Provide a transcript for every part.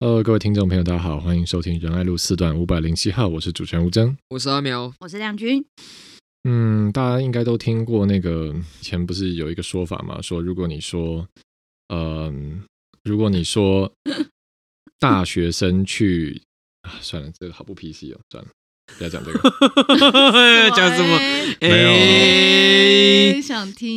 呃，各位聽眾朋友，大家好，歡迎收聽仁愛路四段五百零七號，我是主持人吳崢，我是阿苗，我是亮君。嗯，大家應該都聽過那個，以前不是有一個說法嘛，說如果你說，呃、嗯，如果你說大學生去、啊，算了，這個好不 PC 哦，算了，不要講這個， 對 講什麼？沒有、欸，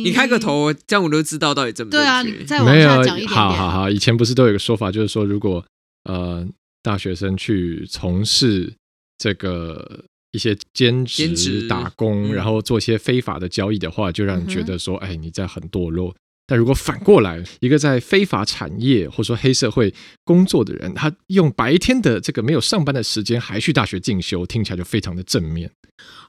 你開個頭，這樣我都知道到底怎麼對啊？再往下講一點點，沒有，好好好，以前不是都有個說法，就是說如果，呃，大學生去從事這個一些兼職、打工、嗯，然後做一些非法的交易的話，就讓你覺得說、嗯，哎，你在很墮落。但如果反過來，一個在非法產業或者說黑社會工作的人，他用白天的這個沒有上班的時間，還去大學進修，聽起來就非常的正面。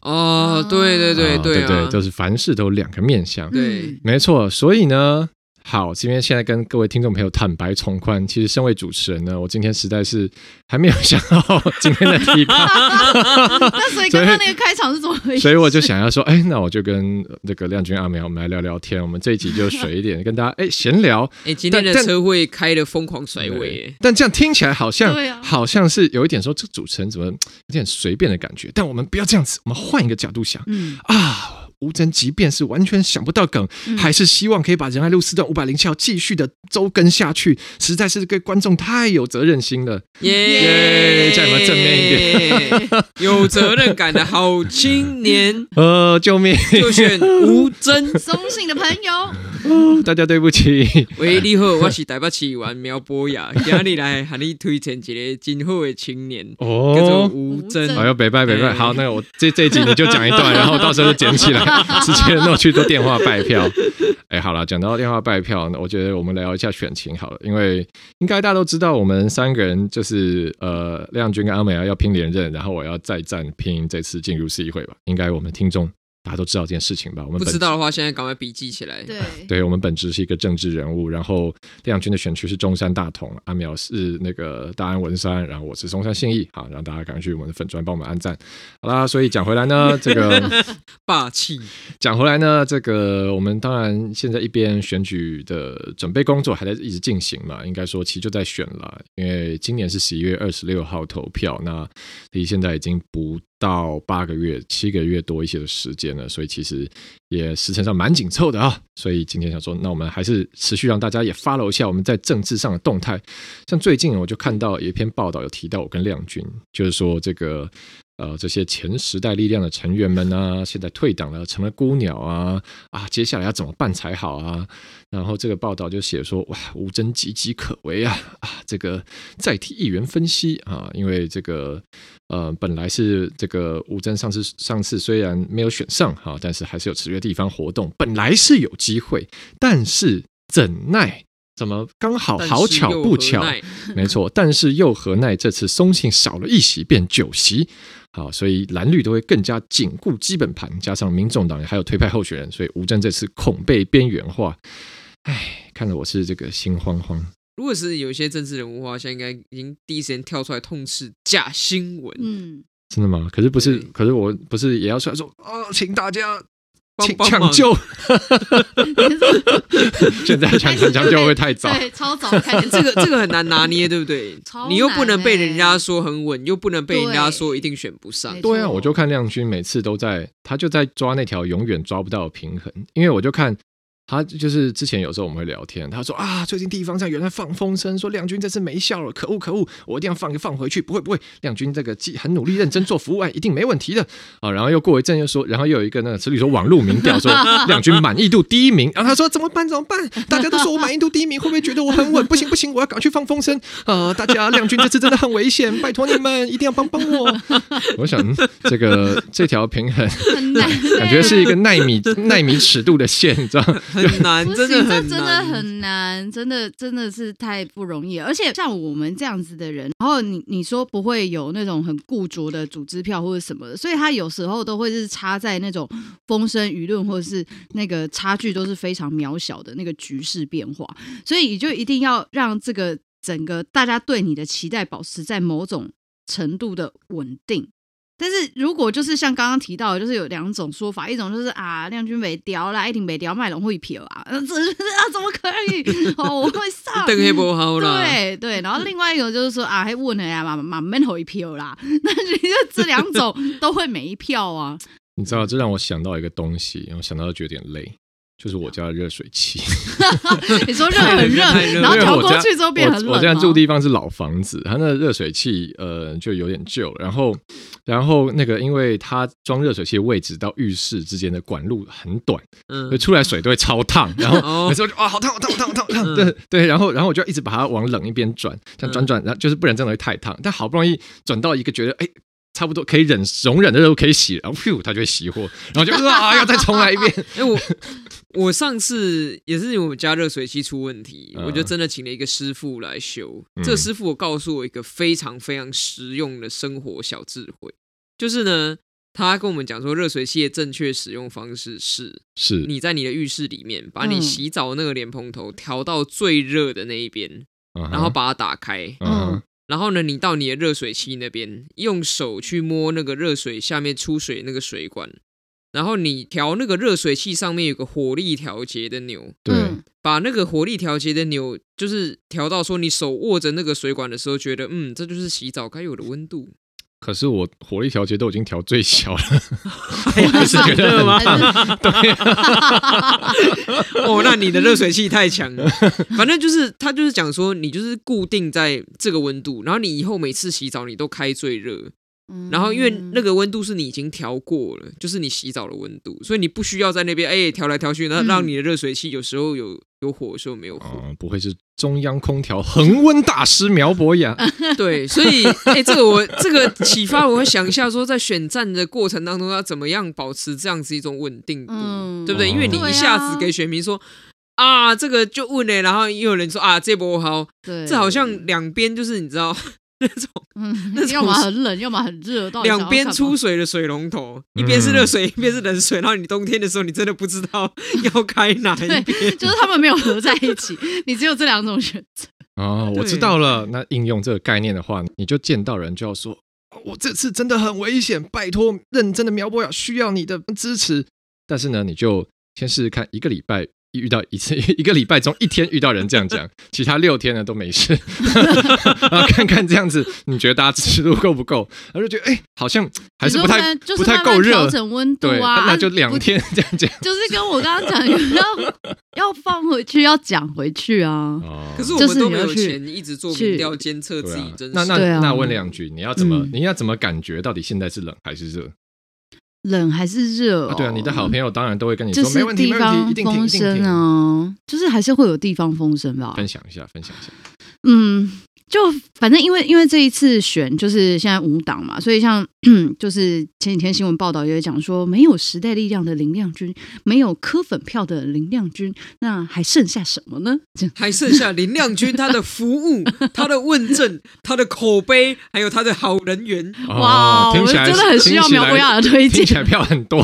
哦，對對對對、啊哦、對，對，就是凡事都有兩個面向。對，沒錯。所以呢。好，今天現在跟各位聽眾朋友坦白從寬。其實身為主持人呢，我今天實在是還沒有想到今天的議題。那 所以剛剛那個開場是怎麼回事？ 所以我就想要說，哎、欸，那我就跟那個亮君阿苗我們來聊聊天。我們這一集就水一點， 跟大家哎閒、欸、聊。哎、欸，今天的車會開得瘋狂甩尾。但這樣聽起來好像、啊、好像是有一點說這主持人怎麼有點隨便的感覺。但我們不要這樣子，我們換一個角度想，嗯啊吳崢即便是完全想不到梗，嗯、還是希望可以把《仁愛路四段五百零七號》繼續的週更下去，實在是對觀眾太有責任心了。耶、yeah yeah，再有沒有正面一點，yeah？ 有責任感的好青年。呃、 哦，救命！ 就選吳崢，中性的朋友、哦。大家對不起。 喂，你好，我是台北市玩苗博雅，今天來和你推薦一個今後的青年，哦、叫做吳崢。哎呦，拜拜拜拜。好，那我這這集你就講一段，然後到時候就剪起來。 直接弄去做電話拜票，哎，好了，講到電話拜票，那我覺得我們聊一下選情好了，因為應該大家都知道，我們三個人就是呃，亮君跟阿苗啊要拼連任，然後我要再戰拼這次進入市議會吧，應該我們聽眾。大家都知道這件事情吧？我們不知道的話，現在趕快筆記起來。對，啊、對我們本職是一個政治人物，然後亮君的選區是中山大同，阿、啊、苗是那個大安文山，然後我是松山信義，好，讓大家趕快去我們的粉專幫我們按讚。好啦，所以講回來呢，這個 霸氣。講回來呢，這個我們當然現在一邊選舉的準備工作還在一直進行嘛，應該說其實就在選了，因為今年是十一月二十六號投票，那離現在已經不。到八個月、七個月多一些的時間了，所以其實也時程上蠻緊湊的啊。所以今天想說，那我們還是持續讓大家也 follow 一下我們在政治上的動態。像最近我就看到有一篇報道，有提到我跟亮君，就是說這個呃這些前時代力量的成員們啊，現在退黨了，成了孤鳥啊啊，接下來要怎麼辦才好啊？然後這個報道就寫說，哇，吳崢岌岌可危啊啊！這個在替議員分析啊，因為這個呃，本來是這個吳崢上次上次雖然沒有選上哈、啊，但是還是有持續地方活動，本來是有機會，但是怎奈怎麼剛好好巧不巧，沒錯，但是又何奈 這次松信少了一席變九席，好、啊，所以藍綠都會更加緊固基本盤，加上民眾黨員還有推派候選人，所以吳崢這次恐被邊緣化。哎，看得我是這個心慌慌。如果是有一些政治人物的話，現在應該已經第一時間跳出來痛斥假新聞。嗯，真的嗎？可是不是？可是我不是也要出來說說啊？請大家請搶救！ 現在搶搶救會太早，欸對對，對，超早太 這個這個很難拿捏，對不對？欸，你又不能被人家說很穩，又不能被人家說一定選不上對。對啊，我就看亮君每次都在，他就在抓那條永遠抓不到的平衡，因為我就看。他就是之前有時候我們會聊天，他說啊，最近地方上原來放風聲說亮君這次沒效了，可惡可惡，我一定要放放回去，不會不會，亮君這個很努力認真做服務啊，一定沒問題的啊。然後又過一陣又說，然後又有一個那個詞裡說網絡民調說亮君滿意度第一名，然後他說怎麼辦怎麼辦？大家都說我滿意度第一名，會不會覺得我很穩？不行不行，我要趕去放風聲啊、呃！大家亮君這次真的很危險，拜託你們一定要幫幫我。我想這個這條平衡，感覺是一個奈米奈米尺度的線，你知道。 很難，真的很難， 這真的很難，真的，真的是太不容易。而且像我們這樣子的人，然後你你說不會有那種很固着的組織票或者什麼的，所以他有時候都會是插在那種風聲輿論或者是那個差距都是非常渺小的那個局勢變化，所以你就一定要讓這個整個大家對你的期待保持在某種程度的穩定。但是如果就是像剛剛提到，就是有兩種說法，一種就是啊，亮君沒票啦，一婷沒票，麥隆會一票啊，這就是啊怎麼可以？ 哦，我會上。對對， 然後另外一個就是說啊，還問了呀，媽媽嘛悶會一票啦，那人家這兩種都會沒票啊。你知道，這讓我想到一個東西，我想到就覺得有點累。就是我家的熱水器， 你說熱很熱，然後調過去後變很熱 我家我，我家住地方是老房子，它那個熱水器呃就有點舊，然後然後那個因為它裝熱水器的位置到浴室之間的管路很短，嗯，出來水都會超燙，然後每次我就好燙好燙好燙好燙，燙燙燙燙燙對對、嗯，然後然後我就一直把它往冷一邊轉，像轉轉，然後就是不然真的會太燙。但好不容易轉到一個覺得哎差不多可以忍容忍的時候可以洗，然後噗它就會熄火，然後就說啊、呃、要再重來一遍， 呃我上次也是因為我們家熱水器出問題，uh, 我就真的請了一個師傅來修。Uh, 這個師傅告訴我一個非常非常實用的生活小智慧，就是呢，他跟我們講說，熱水器的正確使用方式是，是你在你的浴室裡面把你洗澡那個蓮蓬頭調到最熱的那一邊，uh -huh, uh -huh. 然後把它打開，uh -huh. 然後呢，你到你的熱水器那邊用手去摸那個熱水下面出水那個水管。然後你調那個熱水器上面有個火力調節的鈕，對，把那個火力調節的鈕就是調到說你手握着那個水管的時候，覺得嗯，這就是洗澡該有的溫度。可是我火力調節都已經調最小了，還、 哎、呀 是覺得熱嗎？對， 哦，那你的熱水器太強了。反正就是他就是講說，你就是固定在這個溫度，然後你以後每次洗澡你都開最熱。然後，因為那個溫度是你已經調過了、嗯，就是你洗澡的溫度，所以你不需要在那邊哎調來調去，那讓你的熱水器有時候有有火，有時候沒有火。嗯，不會是中央空調恆溫大師苗博雅？對，所以哎，這個我 這個啟發，我會想一下，說在選戰的過程當中要怎麼樣保持這樣子一種穩定度，嗯、對不對？因為你一下子給選民說、嗯、啊、啊、啊，這個就穩嘞，然後又有人說啊，這波好，這好像兩邊就是你知道。那種，嗯，要麼很冷，要麼很熱，到兩邊出水的水龍頭，一邊是熱水，嗯、一邊是冷水。然後你冬天的時候，你真的不知道要開哪一邊，就是他們沒有合在一起， 你只有這兩種選擇。哦，我知道了。那應用這個概念的話，你就見到人就要說，哦、我這次真的很危險，拜託，認真的苗博雅需要你的支持。但是呢，你就先試試看一個禮拜。遇到一次，一個禮拜中一天遇到人這樣講，其他六天呢都沒事。 看看這樣子，你覺得大家尺度夠不夠？還就覺得哎、欸，好像還是不太不太夠熱？那那成溫度啊，那就兩天這樣講。就是跟我剛剛講，要要放回去，要講回去啊。可、哦就是我們都沒有錢，一直做民調監測自己。那那那，啊、那問兩句，你要怎麼、嗯？你要怎麼感覺？到底現在是冷還是熱？冷還是熱、哦？啊對啊，你的好朋友當然都會跟你說，沒問題，沒問題，一定挺，一定挺，地方風聲啊！就是還是會有地方風聲吧，分享一下，分享一下。嗯，就反正因為因為這一次選就是現在無黨嘛，所以像。嗯、就是前幾天新聞報道也有講說，沒有時代力量的林亮君，沒有柯粉票的林亮君，那還剩下什麼呢？還剩下林亮君他的服務、 他的問政、 他的口碑，還有他的好人緣、哦。哇，聽起來我真的很需要苗博雅的推薦，聽起來、聽起來票很多。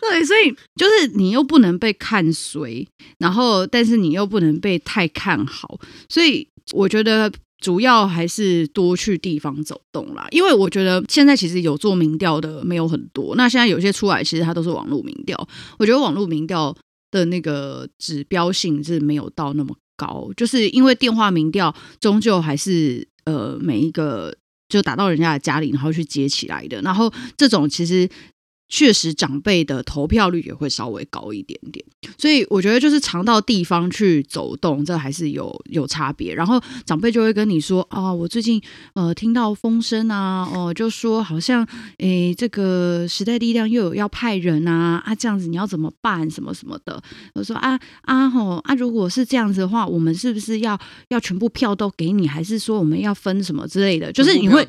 對，所以就是你又不能被看衰，然後但是你又不能被太看好，所以我覺得。主要還是多去地方走動啦，因為我覺得現在其實有做民調的沒有很多，那現在有些出來其實它都是網絡民調，我覺得網絡民調的那個指標性是沒有到那麼高，就是因為電話民調終究還是，呃，每一個就打到人家的家裡然後去接起來的，然後這種其實。確實，長輩的投票率也會稍微高一點點，所以我覺得就是常到地方去走動，這還是有有差別。然後長輩就會跟你說：“啊、哦，我最近呃聽到風聲啊，哦，就說好像誒、欸、這個時代力量又有要派人啊，啊，這樣子，你要怎麼辦什麼什麼的。”我說：“啊，啊吼，啊，如果是這樣子的話，我們是不是要要全部票都給你，還是說我們要分什麼之類的？就是你會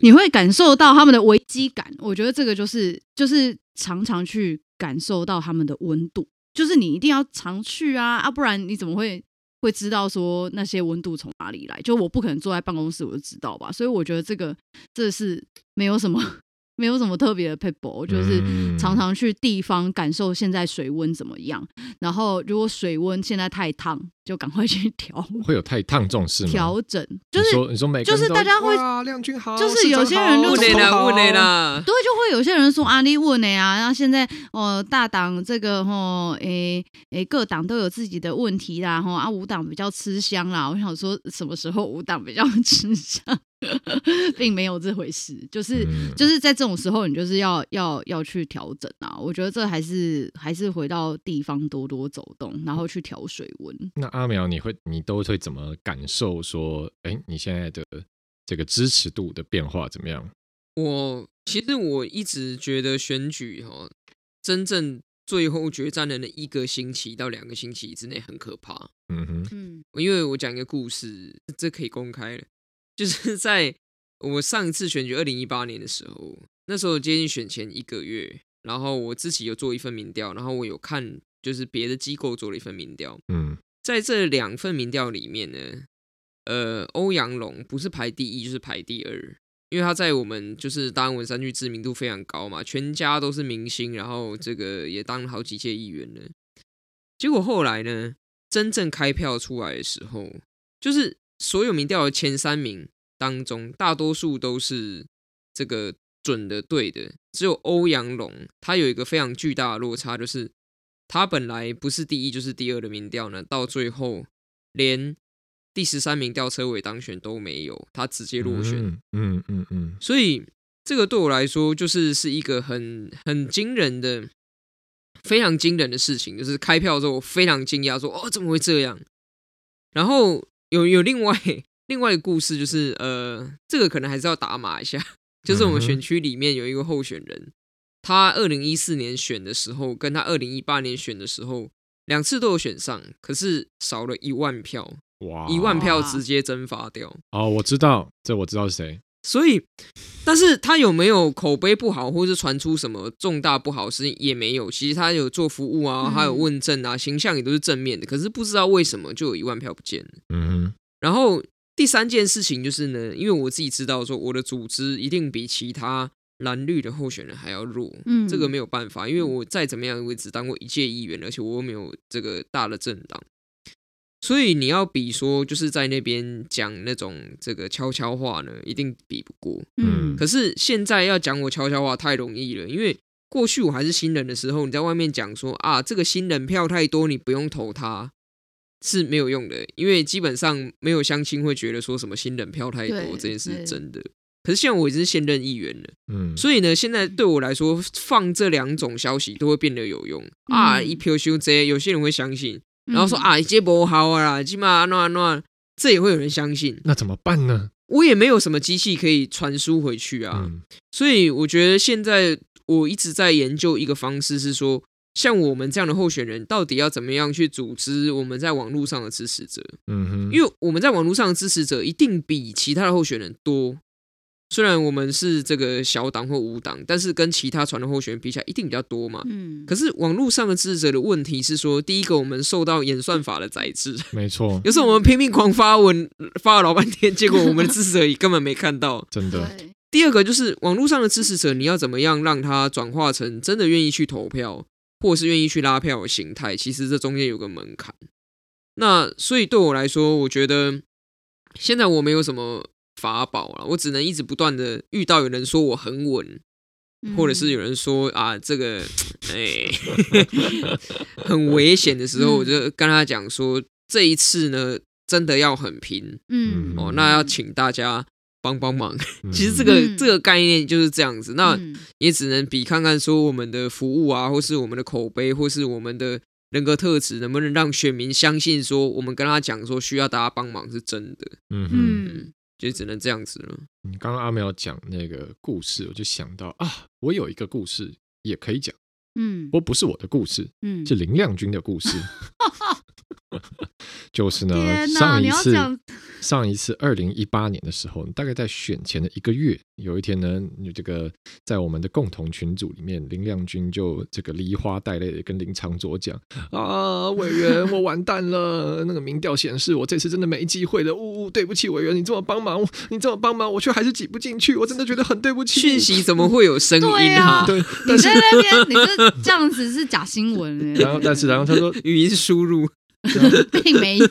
你會感受到他們的危機感。我覺得這個就是。”就是常常去感受到他們的溫度，就是你一定要常去啊，啊，不然你怎麼會會知道說那些溫度從哪裡來？就我不可能坐在辦公室我就知道吧，所以我覺得這個這是沒有什麼。 沒有什麼特別的撇步，就是常常去地方感受現在水溫怎麼樣、嗯。然後如果水溫現在太燙，就趕快去調。會有太燙這種事嗎？調整就是說，你說每就是大家會就是有些人就問呢，問呢，對，就會有些人說阿裡、啊、問呢呀、啊。然後現在哦、呃，大黨這個吼，誒、呃、誒、呃，各黨都有自己的問題啦。吼、呃、啊，無黨比較吃香啦。我想說，什麼時候無黨比較吃香？ 並沒有這回事，就是、嗯、就是在這種時候，你就是要要要去調整啊。我覺得這還是還是回到地方多多走動，然後去調水溫。那阿苗，你會你都會怎麼感受？說，哎、欸，你現在的這個支持度的變化怎麼樣？我其實我一直覺得選舉哈、啊，真正最後決戰的那個一個星期到兩個星期之內很可怕。嗯哼，嗯，因為我講一個故事，這可以公開了。就是在我上一次選舉二零一八年的時候，那時候接近選前一個月，然後我自己有做一份民調，然後我有看就是別的機構做了一份民調，嗯，在這兩份民調裡面呢，呃，歐陽龍不是排第一就是排第二，因為他在我們就是大安文山區知名度非常高嘛，全家都是明星，然後這個也當了好幾屆議員了，結果後來呢，真正開票出來的時候，就是。所有民調的前三名當中，大多數都是這個準的，對的。只有歐陽龍，他有一個非常巨大的落差，就是他本來不是第一，就是第二的民調呢，到最後連第十三名吊車尾當選都沒有，他直接落選。嗯嗯嗯。所以這個對我來說，就是是一個很很驚人的，非常驚人的事情。就是開票的時候，我非常驚訝，說：“哦，怎麼會這樣？”然後。有有另外另外一個故事，就是呃，這個可能還是要打碼一下。就是我們選區裡面有一個候選人，嗯、他二零一四年選的時候，跟他二零一八年選的時候，兩次都有選上，可是少了一萬票，哇，一萬票直接蒸發掉。哦，我知道，這我知道是誰。所以，但是他有沒有口碑不好，或是傳出什麼重大不好事情也沒有。其實他有做服務啊，還有問政啊、嗯，形象也都是正面的。可是不知道為什麼就有一萬票不見了。嗯，然後第三件事情就是呢，因為我自己知道說，我的組織一定比其他藍綠的候選人還要弱。嗯，這個沒有辦法，因為我再怎麼樣，我只當過一屆議員，而且我又沒有這個大的政黨。所以你要比說，就是在那邊講那種這個悄悄話呢，一定比不過。嗯。可是現在要講我悄悄話太容易了，因為過去我還是新人的時候，你在外面講說啊，這個新人票太多，你不用投他是沒有用的，因為基本上沒有鄉親會覺得說什麼新人票太多這件事是真的。可是現在我已經是現任議員了，嗯。所以呢，現在對我來說，放這兩種消息都會變得有用啊、嗯。一票修正，有些人會相信。然後說、嗯、啊，這不好啊，這不好啊，這也會有人相信，那怎麼辦呢？我也沒有什麼機器可以傳輸回去啊，嗯、所以我覺得現在我一直在研究一個方式，是說像我們這樣的候選人，到底要怎麼樣去組織我們在網絡上的支持者？嗯哼，因為我們在網絡上的支持者一定比其他的候選人多，雖然我們是這個小黨或無黨，但是跟其他傳統候選人比起來，一定比較多嘛。嗯，可是網絡上的支持者的問題是說，第一個，我們受到演算法的宰制，沒錯。有時候我們拼命狂發文，發了老半天，結果我們的支持者也根本沒看到， 真的。第二個就是網絡上的支持者，你要怎麼樣讓他轉化成真的願意去投票，或是願意去拉票的形態？其實這中間有個門檻。那所以對我來說，我覺得現在我沒有什麼。法寶了，我只能一直不斷的遇到有人說我很穩，或者是有人說啊，這個哎、欸、很危險的時候，我就跟他講說這一次呢，真的要很拼，嗯哦，那要請大家幫幫忙。其實這個這個概念就是這樣子，那也只能比看看說我們的服務啊，或是我們的口碑，或是我們的人格特質，能不能讓選民相信說我們跟他講說需要大家幫忙是真的，嗯嗯。也只能這樣子了。你剛剛阿苗講那個故事，我就想到啊，我有一個故事也可以講。嗯，不過不是我的故事，嗯，是林亮君的故事。 就是呢，天哪，上一次，上一次二零一八年的時候，大概在選前的一個月，有一天呢，這個在我們的共同群組裡面，林亮君就這個梨花帶淚的跟林昶佐講啊，委員，我完蛋了， 那個民調顯示我這次真的沒機會了，嗚、哦、嗚，對不起委員，你這麼幫忙，你這麼幫忙，我卻還是擠不進去，我真的覺得很對不起。訊息怎麼會有聲音啊？對，啊對是，你在那邊，你就這樣子是假新聞 然後，但是然後他說 語音輸入。對，並沒有，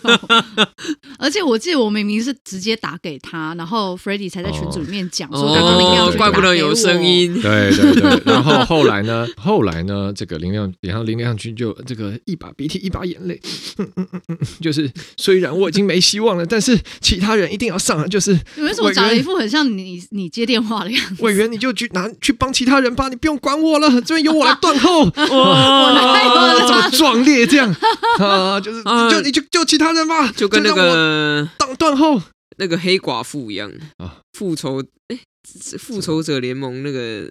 而且我記得我明明是直接打給他，然後 Freddy 才在群組裡面講說，剛剛林亮，怪不得有聲音，對對對。然後後來呢？後來呢？這個林亮，然後林亮君就這個一把鼻涕一把眼淚、嗯嗯嗯，就是雖然我已經沒希望了，但是其他人一定要上，就是你們怎麼長了一副很像你，你接電話的樣子？委員你就去拿去幫其他人吧，你不用管我了，這邊由我來斷後。哇、啊，啊，這麼壯烈這樣？啊，就是。啊！就你就救其他人吧，就跟那個當斷後那個黑寡婦一樣。啊、復仇、欸、復仇者聯盟那個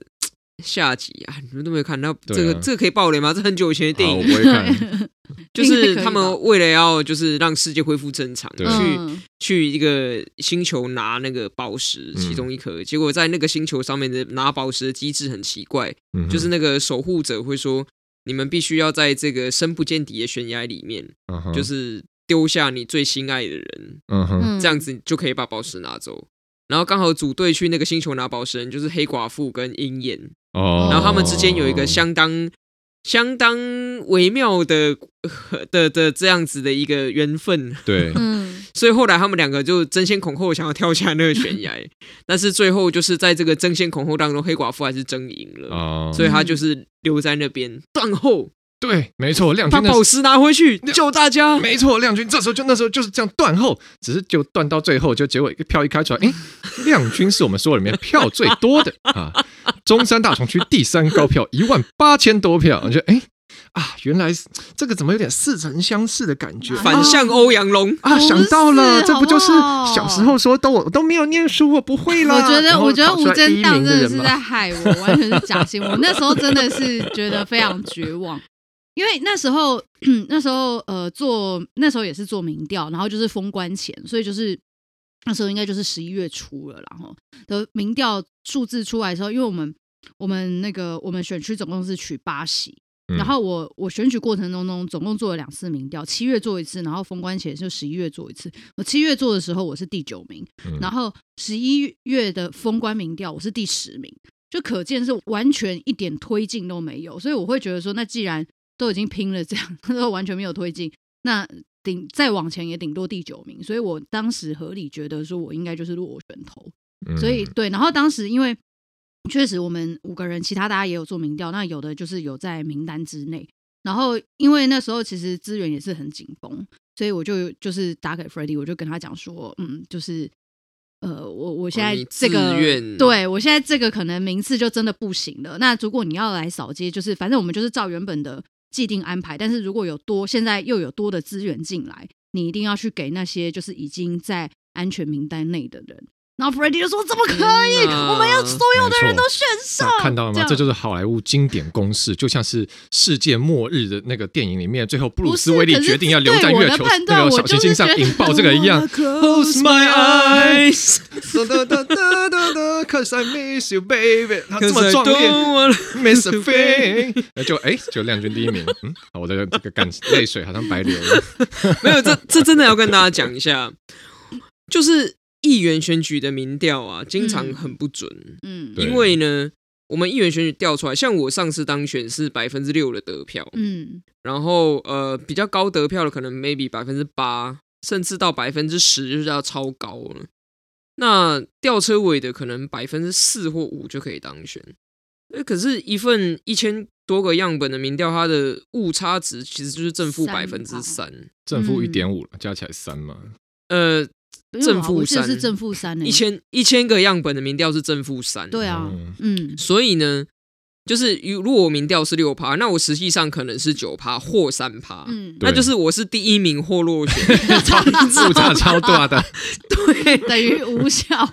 下集啊，你們都沒看到？對啊，這個這個可以爆雷嗎？這很久以前的電影，我不會看。 就是他們為了要就是讓世界恢復正常，去、嗯、去一個星球拿那個寶石，其中一顆、嗯。結果在那個星球上面的拿寶石的機制很奇怪、嗯，就是那個守護者會說。你們必須要在這個深不見底的懸崖裡面，Uh-huh. 就是丟下你最心愛的人，Uh-huh. 這樣子就可以把寶石拿走。然後剛好組隊去那個星球拿寶石人，就是黑寡婦跟鷹眼。哦、Oh.，然後他們之間有一個相當、相當微妙的、的的這樣子的一個緣分。對。 所以後來他們兩個就爭先恐後想要跳下那個懸崖， 但是最後就是在這個爭先恐後當中，黑寡婦還是爭贏了、嗯，所以他就是留在那邊斷後。對，沒錯，亮君把寶石拿回去救大家。沒錯，亮君這時候就那時候就是這樣斷後，只是就斷到最後，就結果一票一開出來，哎，亮君是我們所有裡面票最多的 啊，中山大同區第三高票， 一萬八千多票，就哎。誒啊，原來這個怎麼有點似曾相識的感覺？反向歐陽龍啊，想到了，這不就是小時候說都好好我都沒有念書，我不會了。我覺得，我覺得無間道真的是在害我， 我完全是假新聞。我那時候真的是覺得非常絕望， 因為那時候那時候呃做那時候也是做民調，然後就是封關前，所以就是那時候應該就是十一月初了，然後的民調數字出來的時候，因為我們我們那個我們選區總共是取八席。然後我我選舉過程當中總共做了兩次民調，七月做一次，然後封關前就十一月做一次。我七月做的時候我是第九名、嗯，然後十一月的封關民調我是第十名，就可見是完全一點推進都沒有。所以我會覺得說，那既然都已經拼了這樣，都完全沒有推進，那頂再往前也頂多第九名。所以我當時合理覺得說，我應該就是落選頭。嗯、所以對，然後當時因為。確實，我們五個人，其他大家也有做民調，那有的就是有在名單之內。然後，因為那時候其實資源也是很緊繃，所以我就就是打給 Freddy，我就跟他講說，嗯，就是呃，我我現在這個，哦、對我現在這個可能名次就真的不行了。那如果你要來掃街，就是反正我們就是照原本的既定安排。但是如果有多現在又有多的資源進來，你一定要去給那些就是已經在安全名單內的人。然後布雷迪就說：“怎麼可以？嗯啊、我們要所有的人都選上，啊、看到了嗎？這就是好萊塢經典公式，就像是世界末日的那個電影裡面，最後布魯斯威利決定要留在月球，是是對，那個、小行星上引爆這個一樣。Close my eyes, cause I miss you, baby. 他這麼壯烈，I don't wanna miss a thing. 那就哎，就亮君第一名。 嗯，好，我的這個感淚水好像白流，了。 沒有，這這真的要跟大家講一下， 就是。”議員選舉的民調啊，經常很不準嗯。嗯，因為呢，我們議員選舉調出來，像我上次當選是百分之六的得票。嗯，然後呃，比較高得票的可能 maybe 百分之八，甚至到百分之十就是要超高了。那吊車尾的可能百分之四或五就可以當選。可是，一份一千多個樣本的民調，它的誤差值其實就是正負百分之三、嗯，正負一點五加起來三嘛。呃。正負三，一千一千個樣本的民調是正負三。對啊，嗯。所以呢？就是如如果我民調是六趴，那我實際上可能是九趴或三趴，嗯、那就是我是第一名或落選，誤、嗯、差超，超大的，對，等於無效。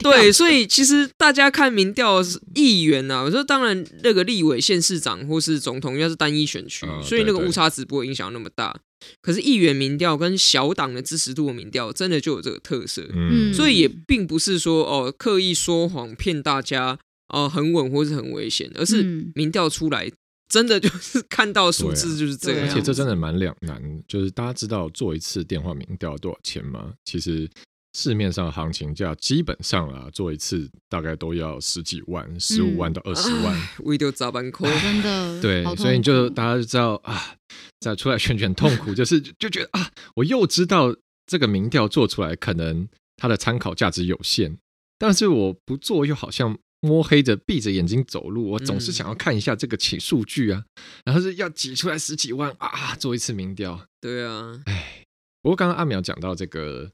對，所以其實大家看民調是議員啊，我說當然那個立委、縣市長或是總統應該是單一選區、呃，所以那個誤差值不會影響那麼大，對對對。可是議員民調跟小黨的支持度民調真的就有這個特色，嗯、所以也並不是說哦，刻意說謊騙大家。哦、呃，很穩或是很危險，而是民調出來真的就是看到數字就是這樣，嗯啊、而且這真的蠻兩難，就是大家知道做一次電話民調多少錢嗎？其實市面上的行情價基本上啊，做一次大概都要十幾萬，十、嗯、五萬到二十萬，無厘頭砸半空，真的對，所以就大家就知道啊，再出來選舉痛苦，就是就覺得啊，我又知道這個民調做出來可能它的參考價值有限，但是我不做又好像。摸黑着閉着眼睛走路，我總是想要看一下這個起數據啊、嗯，然後是要擠出來十幾萬啊，做一次民調。對啊，哎，不過剛剛阿苗講到這個，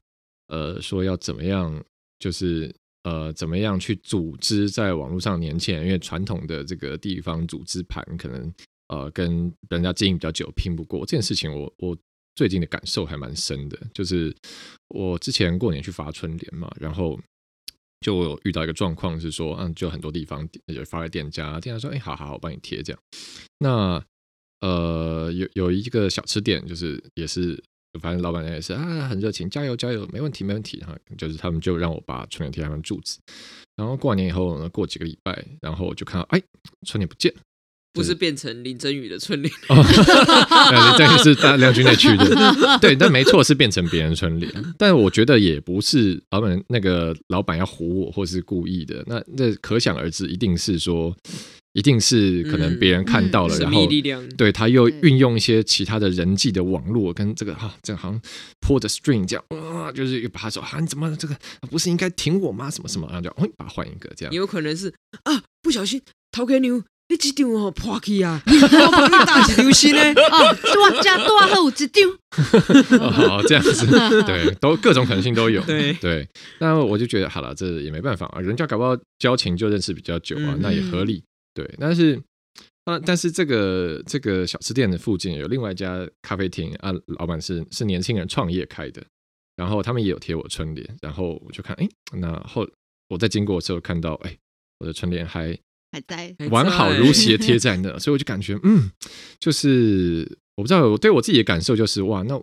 呃，說要怎麼樣，就是呃，怎麼樣去組織在網絡上年輕人，因為傳統的這個地方組織盤可能呃跟人家經營比較久，拼不過這件事情我，我我最近的感受還蠻深的，就是我之前過年去發春聯嘛，然後。就遇到一個狀況是說，嗯、啊，就很多地方也發了店家，店家說，哎，好好，我幫你貼這樣。那呃，有有一個小吃店，就是也是，反正老闆娘也是啊，很熱情，加油加油，沒問題沒問題哈。就是他們就讓我把春聯貼他們柱子，然後過完年以後呢，過幾個禮拜，然後我就看到，哎，春聯不見了。不是變成林真宇的春聯、 嗯，這個是亮君在去的，對， 但沒錯是變成別人春聯，但我覺得也不是老闆那個老闆要唬我，或是故意的，那可想而知，一定是說，一定是可能別人看到了、嗯嗯，然後對，他又運用一些其他的人際的網絡跟這個哈、啊，這樣好像 pull the string 這樣，哇、啊，就是又把他說啊，你怎麼這個不是應該挺我嗎？什麼什麼、啊，然後我哦，把他換一個這樣，有可能是啊，不小心投給 new。你這條好破氣啊，我怕你打一條線嘞。 哦，多加多喝五條。 哦、好，好，這樣子，對，都各種可能性都有。對，對那我就覺得好了，這也沒辦法啊，人家搞不好交情就認識比較久啊，嗯嗯那也合理。對，但是啊，但是這個這個小吃店的附近有另外一家咖啡廳啊，老闆是是年輕人創業開的，然後他們也有貼我春聯，然後我就看，哎、欸，那後我在經過的時候看到，哎、欸，我的春聯還。還在完好如昔的貼在那，還在 所以我就感覺，嗯，就是我不知道，我對我自己的感受就是，哇，那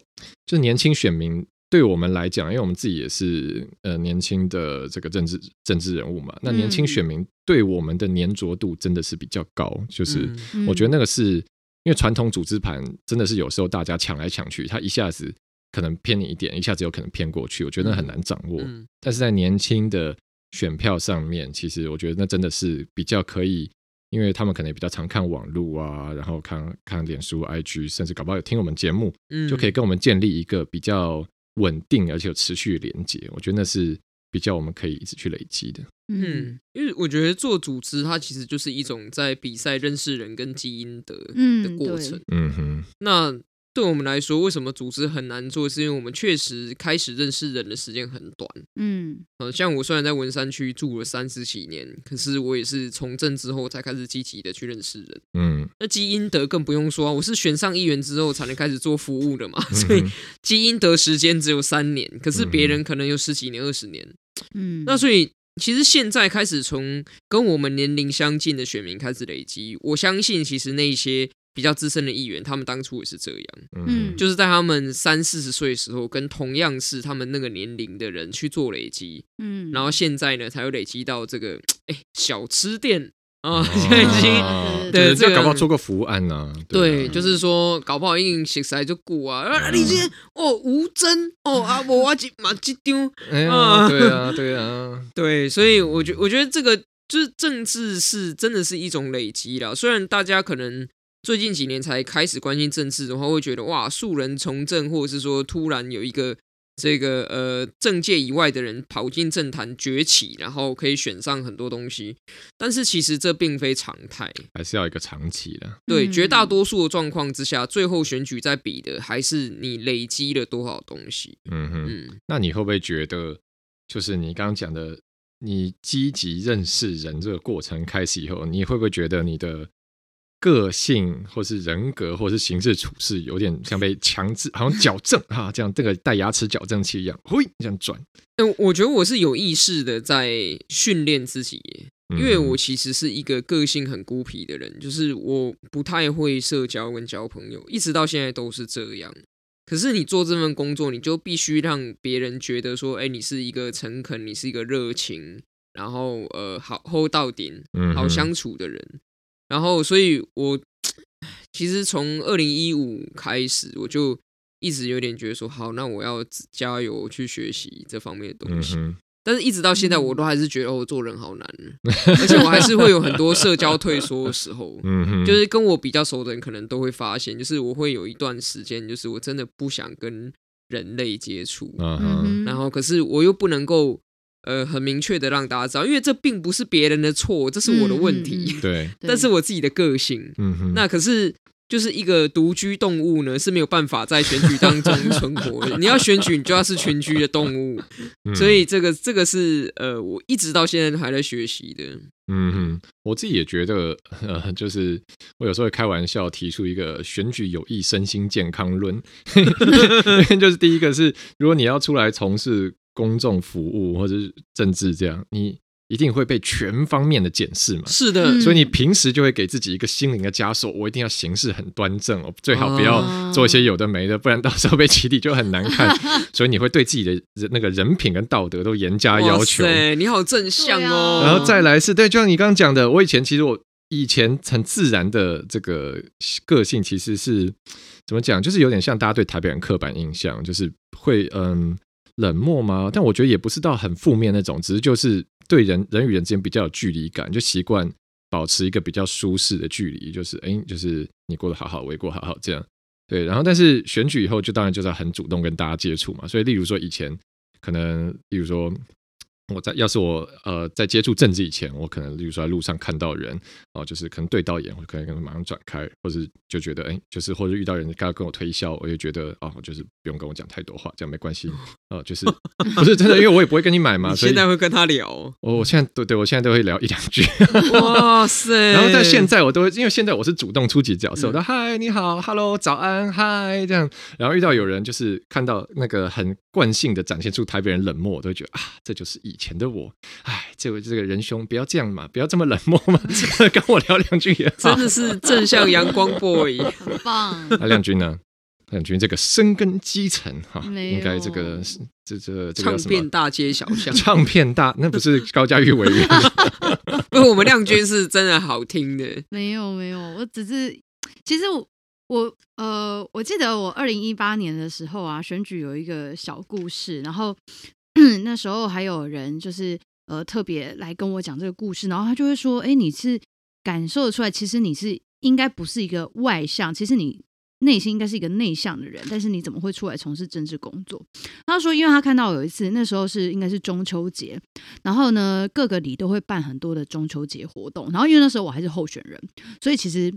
就是年輕選民對我們來講，因為我們自己也是呃年輕的這個政治政治人物嘛，那年輕選民對我們的黏著度真的是比較高、嗯，就是我覺得那個是因為傳統組織盤真的是有時候大家搶來搶去，他一下子可能偏你一點，一下子有可能偏過去，我覺得那很難掌握，嗯、但是在年輕的。選票上面，其實我覺得那真的是比較可以，因為他們可能也比較常看網路啊，然後看看臉書、IG，甚至搞不好有聽我們節目，嗯，就可以跟我們建立一個比較穩定而且有持續連接。我覺得那是比較我們可以一直去累積的。嗯，因為我覺得做組織，它其實就是一種在比賽認識人跟基因的，嗯，的過程。嗯哼，那。對我們來說，為什麼組織很難做？是因為我們確實開始認識人的時間很短。嗯，呃，像我雖然在文山區住了三十幾年，可是我也是從政之後才開始積極的去認識人。嗯，那積陰德更不用說，啊，我是選上議員之後才能開始做服務的嘛，嗯。所以積陰德時間只有三年，可是別人可能有十幾年，嗯、二十年。嗯，那所以其實現在開始從跟我們年齡相近的選民開始累積，我相信其實那些。比較資深的議員，他們當初也是這樣，嗯，就是在他們三四十歲的時候，跟同樣是他們那個年齡的人去做累積，嗯，然後現在呢，才有累積到這個，欸、小吃店啊，啊，現在已經對，這，個、這搞不好做個服務案呢，對，就是說搞不好已經食晒就過啊，啊，你今天哦吳崢。哦啊，我我只買一張，哎對啊，對啊，對，就是啊啊啊哦、所以，我覺我覺得這個就是政治是真的是一種累積啦，雖然大家可能。最近幾年才開始關心政治的話，會覺得哇，素人從政，或者是說突然有一個這個呃政界以外的人跑進政壇崛起，然後可以選上很多東西。但是其實這並非常態，還是要一個長期的。對、嗯，絕大多數的狀況之下，最後選舉在比的還是你累積了多少東西。嗯哼嗯，那你會不會覺得，就是你剛剛講的，你積極認識人這個過程開始以後，你會不會覺得你的？個性或是人格或是行事處事，有點像被強制，好像矯正哈，這 樣、啊，這個戴牙齒矯正器一樣，嘿，這樣轉。那、嗯、我覺得我是有意識的在訓練自己耶、嗯，因為我其實是一個個性很孤僻的人，就是我不太會社交跟交朋友，一直到現在都是這樣。可是你做這份工作，你就必須讓別人覺得說，哎、欸，你是一個誠懇，你是一個熱情，然後呃，好，hold on, 好相處的人。嗯然後，所以我其實從二零一五開始，我就一直有點覺得說，好，那我要加油去學習這方面的東西。嗯、但是，一直到現在，我都還是覺得我做人好難， 而且我還是會有很多社交退縮的時候、嗯。就是跟我比較熟的人，可能都會發現，就是我會有一段時間，就是我真的不想跟人類接觸、嗯嗯。然後，可是我又不能夠。呃，很明確的讓大家知道，因為這並不是別人的錯，這是我的問題、嗯。對，但是我自己的個性，嗯哼，那可是就是一個獨居動物呢，是沒有辦法在選舉當中存活的。 你要選舉，你就要是群居的動物。嗯、所以這個，這個是呃，我一直到現在都還在學習的。嗯哼，我自己也覺得，呃，就是我有時候會開玩笑提出一個選舉有益身心健康論， 就是第一個是，如果你要出來從事。公眾服務或者是政治這樣，你一定會被全方面的檢視嘛？是的、嗯，所以你平時就會給自己一個心靈的枷鎖，我一定要行事很端正哦，我最好不要做一些有的沒的，啊、不然到時候被起底就很難看。 所以你會對自己的那個人品跟道德都嚴加要求。對，你好正向哦！然後再來是對，就像你剛剛講的，我以前其實我以前很自然的這個個性其實是怎麼講，就是有點像大家對台北人刻板印象，就是會嗯。冷漠嗎？但我覺得也不是到很負面那種，只是就是對人，人與人之間比較有距離感，就習慣保持一個比較舒適的距離，就是哎、欸，就是你過得好好，我也過得好好這樣。對，然後但是選舉以後就當然就是要很主動跟大家接觸嘛，所以例如說以前可能，例如說。我在要是我呃在接觸政治以前，我可能比如說在路上看到人哦、呃，就是可能對到眼，我可能可能馬上轉開，或者就覺得哎，就是或者遇到人剛剛跟我推銷，我就覺得啊、呃，就是不用跟我講太多話，這樣沒關係啊、呃，就是不是真的， 因為我也不會跟你買嘛。 所以現在會跟他聊，我，我現在都對，對我現在都會聊一兩句。 哇塞！然後在現在我都會，因為現在我是主動出擊角色，嗯、我講嗨你好哈嘍，Hello, 早安嗨這樣，然後遇到有人就是看到那個很慣性的展現出台北人冷漠，我都會覺得啊，這就是一。以前的我，哎，這位、個、這個仁兄，不要這樣嘛，不要這麼冷漠嘛， 跟我聊兩句也好。 真的是正向陽光 boy， 很棒。亮、啊、君呢？亮君這個深耕基層哈、啊，應該這個是這這、這個、唱片大街小巷， 唱片大，那不是高嘉瑜委員？ 不，我們亮君是真的好聽的。 沒有沒有，我只是，其實我我呃，我記得我二零一八年的時候啊，選舉有一個小故事，然後。那時候還有人就是呃特別來跟我講這個故事，然後他就會說：“哎、欸，你是感受得出來，其實你是應該不是一個外向，其實你內心應該是一個內向的人，但是你怎麼會出來從事政治工作？”他說：“因為他看到我有一次那時候是應該是中秋節，然後呢各個里都會辦很多的中秋節活動，然後因為那時候我還是候選人，所以其實。”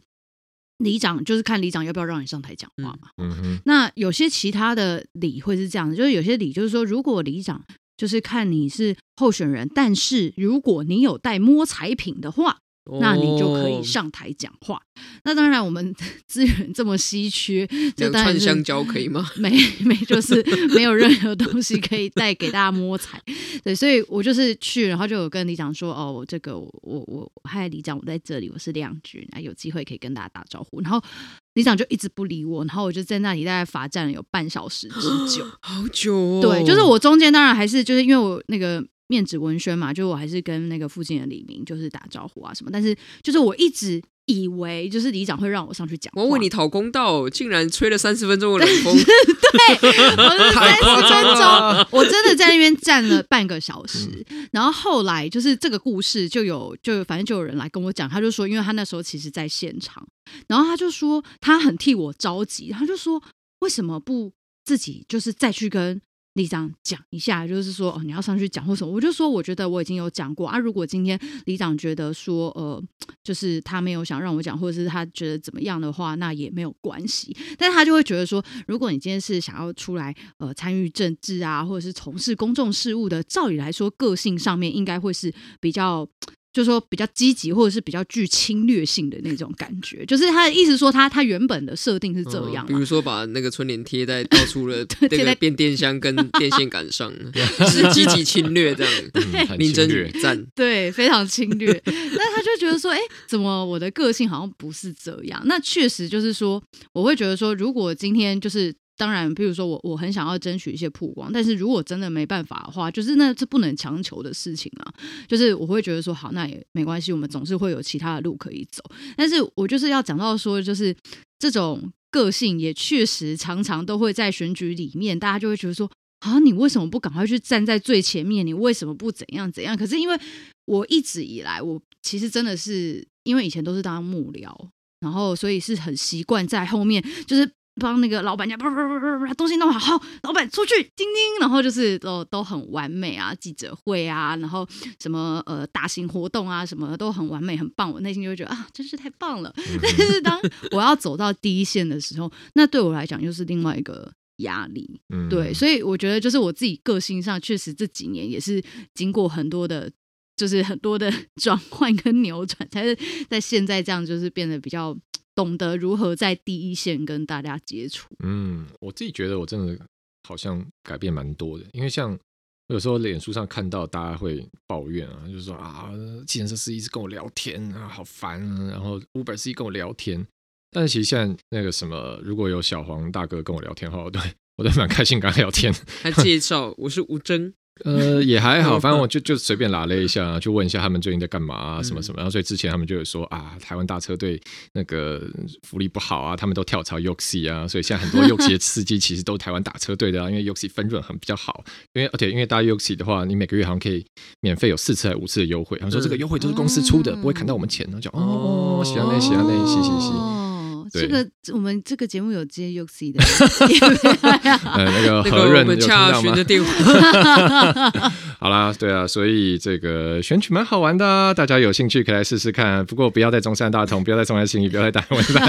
里長就是看里長要不要讓你上台講話嘛。嗯，嗯，那有些其他的里會是這樣，就是有些里就是說，如果里長就是看你是候選人，但是如果你有帶摸彩品的話。那你就可以上台講話，哦。那當然，我們資源這麼稀缺，就但是串香蕉可以嗎？ 沒沒，就是沒有任何東西可以帶給大家摸彩。對，所以我就是去，然後就有跟里長說：“哦，我這個我我我嗨，里長，我在這裡，我是亮君啊，有機會可以跟大家打招呼。”然後里長就一直不理我，然後我就在那裡大概罰站了有半小時之久，好久，哦。對，就是我中間當然還是就是因為我那個。面子文宣嘛，就我還是跟那個附近的李明就是打招呼啊什麼，但是就是我一直以為就是里長會讓我上去講，我為你討公道，竟然吹了三十分鐘的冷風， 對，三十分鐘， 我真的在那邊站了半個小時， 然後後來就是這個故事就有就反正就有人來跟我講，他就說，因為他那時候其實在現場，然後他就說他很替我着急，他就說為什麼不自己就是再去跟。里長講一下，就是說，哦，你要上去講，或什麼？我就說，我覺得我已經有講過啊。如果今天里長覺得說，呃，就是他沒有想讓我講，或者是他覺得怎麼樣的話，那也沒有關係。但是他就會覺得說，如果你今天是想要出來呃參與政治啊，或者是從事公眾事務的，照理來說，個性上面應該會是比較。就是說，比較積極或者是比較具侵略性的那種感覺，就是他的意思說他他原本的設定是這樣，哦，比如說把那個春聯貼在到處的那個變電箱跟電線桿上， 就是積極侵略這樣， 嗯、很侵略，對，非常侵略。那 他就覺得說，哎、欸，怎麼我的個性好像不是這樣？那確實就是說，我會覺得說，如果今天就是。當然，譬如說我，我很想要爭取一些曝光，但是如果真的沒辦法的話，就是那是不能強求的事情啊。就是我會覺得說，好，那也沒關係，我們總是會有其他的路可以走。但是我就是要講到說，就是這種個性也確實常常都會在選舉裡面，大家就會覺得說，啊，你為什麼不趕快去站在最前面？你為什麼不怎樣怎樣？可是因為我一直以來，我其實真的是因為以前都是當幕僚，然後所以是很習慣在後面，就是。幫那個老闆娘，東西弄好，好，老闆出去叮叮，然後就是都都很完美啊，記者會啊，然後什麼呃大型活動啊什麼都很完美很棒，我內心就會覺得啊，真是太棒了，嗯。但是當我要走到第一線的時候，那對我來講又是另外一個壓力，對，嗯，所以我覺得就是我自己個性上確實這幾年也是經過很多的，就是很多的轉換跟扭轉，才是在現在這樣就是變得比較。懂得如何在第一線跟大家接觸。嗯，我自己覺得我真的好像改變蠻多的，因為像有時候臉書上看到大家會抱怨啊，就是說啊，記者是一直跟我聊天啊，好煩啊。然後五百是一跟我聊天，但其實現在那個什麼，如果有小黃大哥跟我聊天的話，我對我都蠻開心，跟他聊天，還介紹 我是吳崢。呃，也還好，反正我就就隨便拉了一下，就問一下他們最近在幹嘛啊，什麼什麼。然、嗯、後、啊、所以之前他們就有說啊，台灣大車隊那個福利不好啊，他們都跳槽 Yoxi 啊。所以現在很多 Yoxi 的司機其實都台灣大車隊的、啊， 因為 Yoxi 分潤很比較好。因為而且、OK, 因為搭 Yoxi 的話，你每個月好像可以免費有四次還五次的優惠。他們說這個優惠都是公司出的、嗯，不會砍到我們錢。然後講哦，行那行那，行、啊那哦、行行。這個我們這個節目有接 u c 的，對 啊、 嗯、呃那個和潤有聽到的電話， 好啦，對啊，所以這個選舉蠻好玩的、啊，大家有興趣可以來試試看。不過不要在中山大同，不要在松山信義，不要在大安文山。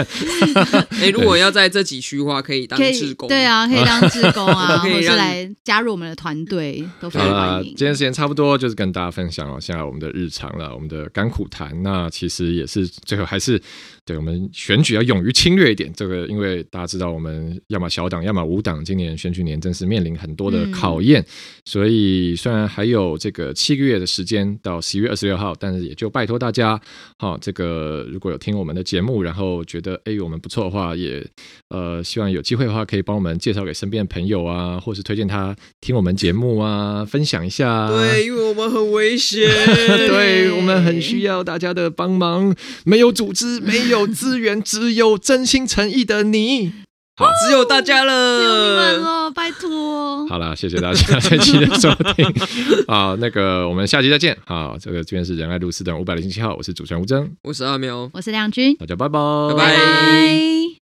哎、 欸，如果要在這幾區的話，可以當志工，對啊，可以當志工啊， 可或者是來加入我們的團隊，都非常歡迎 今天時間差不多，就是跟大家分享，喔、現在我們的日常了，我們的甘苦談。那其實也是最後還是對我們選舉要勇於。侵略一點，這個因為大家知道，我們要嘛小黨，要嘛無黨，今年選舉年真是面臨很多的考驗。嗯、所以雖然還有這個七個月的時間到十一月二十六號，但是也就拜託大家，好，這個如果有聽我們的節目，然後覺得哎我們不錯的話，也呃希望有機會的話可以幫我們介紹給身邊的朋友啊，或是推薦他聽我們節目啊，分享一下、啊。對，因為我們很危險， 對我們很需要大家的幫忙。沒有組織，沒有資源，只有。 真心誠意的你，好、哦，只有大家了，只有你們了，拜託。好了，謝謝大家，謝謝您的收聽，好、 啊，那個我們下期再見。好、啊，這個這邊是仁愛路四段五百零七號，我是主持人吳崢，五十二秒，我是亮君，大家拜拜，拜拜。Bye bye